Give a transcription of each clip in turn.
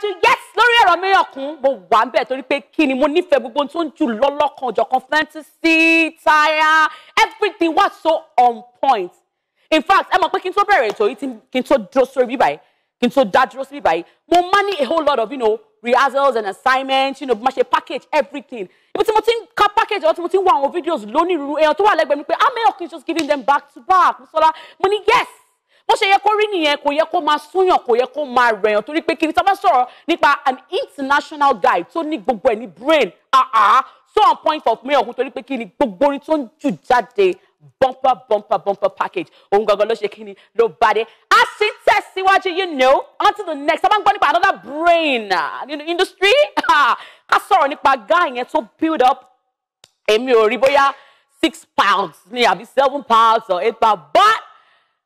síwájú yes lórí ẹ̀rọ mi ọ̀kún mo wà ń bẹ̀ torí pé kí ni mo nífẹ̀ẹ́ gbogbo tó ń jù lọ́lọ́kan ọ̀jọ̀kan fantasy tire everything was so on point in fact ẹ mọ̀ pé kí n tó bẹ̀rẹ̀ ètò yìí kí n tó dúró sórí bíbá yìí kí n tó dá dúró sí bíbá yìí mo máa ní a whole lot of you know, rehearsals and assignments you know, mo ṣe package everything ibi tí mo ti ń ka package ọtí mo ti ń wo àwọn videos lónìí rúru èèyàn tó wà lẹ́gbẹ̀ẹ́ mi pé amẹ́yọ̀kí ah, just giving them back to back mo sọlá mo ní yes bó ṣe yẹ kó rí nìyẹn kò yẹ kó máa súnyàn kò yẹ kó máa rẹ̀yàn torí pé kí ni tá nípa an international guy tó ní gbogbo ẹ̀ ní brain ah ah so on point of mayor torí pé kí ni gbogbo orin tó ń jù jáde bumper bumper bumper package òun gangan ló ṣe kí ni ló bá dé a sì tẹ̀síwájú you know until the next sábà ń gbọ́ nípa another brain You ah, know industry ká sọ̀rọ̀ nípa guy yẹn tó build up èmi ò rí bóyá six pounds ni àbí seven pounds or eight pounds but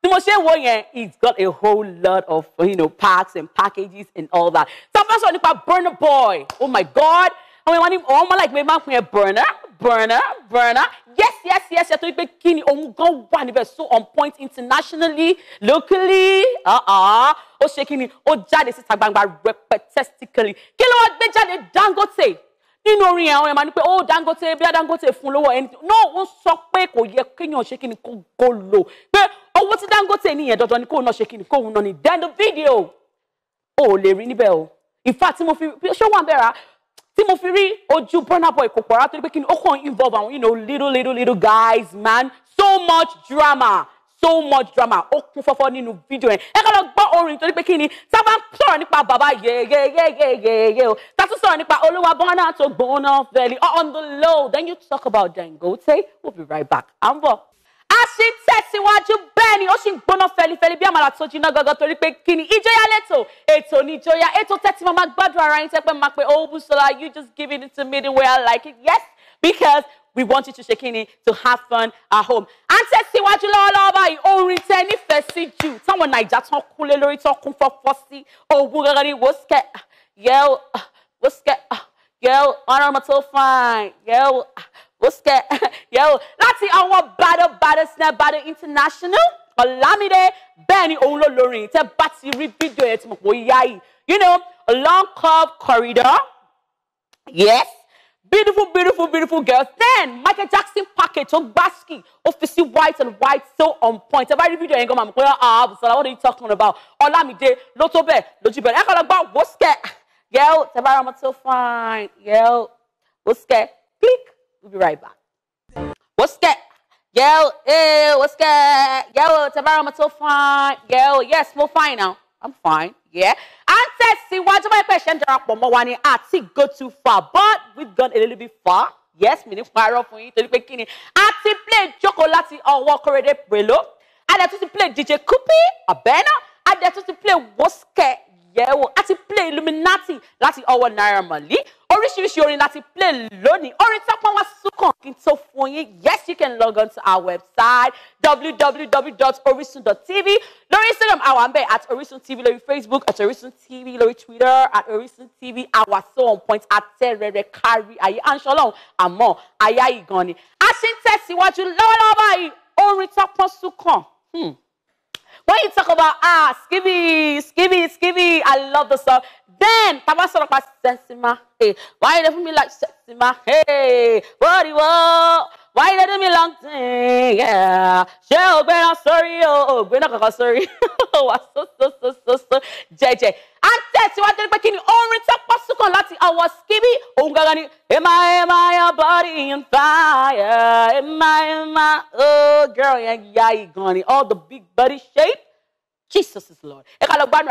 tí mo ṣe ń wo yẹn it's got a whole lot of you know, packs and packages and all that. tá a bá sọ nípa burner boy oh my god àwọn ìwà ni àwọn ọmọ láìpẹ́ máa ń pín yẹn burner burner burner yes yes yes yàtọ̀ wípé kí ni òun gan wà níbẹ̀ so on point internationally locally uh-uh. ó ṣe kí ni ó jáde síta gbangba repetestically kí ló wá gbé jáde Dangote nínú orin yẹn àwọn ẹ̀ máa ní pé ó oh, Dangote bí Dangote fún lówó ẹni náà ó sọ pé kò yẹ kéèyàn ṣe kí ni kó gòlò pé owó tí Dangote ní yẹn dandan ni kóun náà ṣe kí ni kóun náà ní then the video ò lè rí níbẹ̀ o in fact tí mo fi ṣé wà ń bẹ̀rẹ̀ tí mo fi rí ojú Burna Boy kò pọ̀ra torí pé kí ó kàn involve àwọn you know little little little guys man so much drama so much drama ó kún fọ́fọ́ nínú fídíò yẹn ẹ ká lọ gbọ́ orin torí pé kí tá a bá ń sọ̀rọ̀ nípa bàbá yẹ̀yẹ̀yẹ̀yẹ̀ o tá a tún sọ̀rọ̀ nípa olúwa bọ́nà tó gbóná fẹ́lẹ̀ on the low then you talk about Dangote we'll be right back à a ṣì ń tẹ̀síwájú bẹ́ẹ̀ ni ó sì ń gbóná fẹlifẹli bí àmàlà tó jiná gangan torí pé kí ni ìjọyà lẹ́tọ̀ ètò ni ìjọyà ètò tẹ́tí máa gbádùn ara yín tẹ́pẹ́ máa pe oh Busola you just give it to me the way I like it yes because we want you to ṣe kí ni to have fun at home. à ń tẹ̀síwájú lọ́wọ́lọ́wọ́ báyìí orin tẹ nífẹ̀ẹ́ sí jù táwọn Naija tán kúnlé lórí tán kún fọ́fọ́ sí òwú gangan ni wò skẹ́ ah, yẹ́wò ah, wò skẹ́ ah, yẹ́wò ọ̀rọ̀ ọmọ tó fine yẹ́wò. Oske, yo, láti àwọn Bado Bado Snare Bado International, Olamide, Benny ni òun ló lórin, tẹ́ bá ti rí fídíò yẹn tí mo pò yá yìí. You know, long curve corridor, yes, beautiful, beautiful, beautiful girls. Then Michael Jackson package, ó gbáṣkì, ó white and white so on point. Tẹ́ bá review fídíò yẹn gan, màmú pé ah, ah Bùsọ̀lá, what are you talking about? Olamide, ló tó bẹ́ẹ̀, lójú about what's kàn yo, tẹ́ bá rí ọmọ fine, yo, what's Woske. We'll be right back. What's that? Yo, hey, eh, what's that? Yo, tomorrow I'm so fine. Yo, yes, we're fine now. I'm fine. Yeah. And says tẹ̀síwájú báyìí my ṣe drop darapọ̀ mọ́ one ni àti go too far but we've gone a little bit far. Yes, mi ní parọ́ fún yín to the beginning. I A play jókòó or walk already Pèló. A dẹ̀ tún play DJ Kupi Abena. A dẹ̀ tún ti play Woske Yẹ̀wò. A ti play Illuminati láti ọwọ́ Naira Marley oríṣiríṣi orin láti play lónìí orin tọ́pọ̀ wá súnkàn kí n tó fún yín yes you can log on to our website www.orisun.tv lórí instagram àwa ń bẹ̀ at orisun tv lórí facebook at orisun tv lórí twitter at orisun tv àwa so on point àtẹ̀rẹ̀rẹ̀ kárí ayé àǹṣọ́lọ́hún àmọ́ ayá ìgànnì a ṣe ń tẹ̀síwájú lọ́wọ́lọ́wọ́ báyìí orin tọ́pọ̀ súnkàn. Hmm. When you talk about ah, skibby, skibby, skibby, I love the song. Then Tama sọ̀rọ̀ pa Sẹ́sìmá. Why you do me like Sẹ́sìmá? Hey, body wo? Why you do me long thing? Yeah. Ṣé o gbé náà sórí o? O gbé náà kankan sórí. Wà so so so so so jẹjẹ. A tẹ̀síwájú pé kí ni orin tó pọ̀ sùkàn láti ọwọ́ skibby Bagani, am I, am I a body in fire? Am I, am I, oh girl, yeah, yeah, Gani, all the big body shape. Jesus is Lord.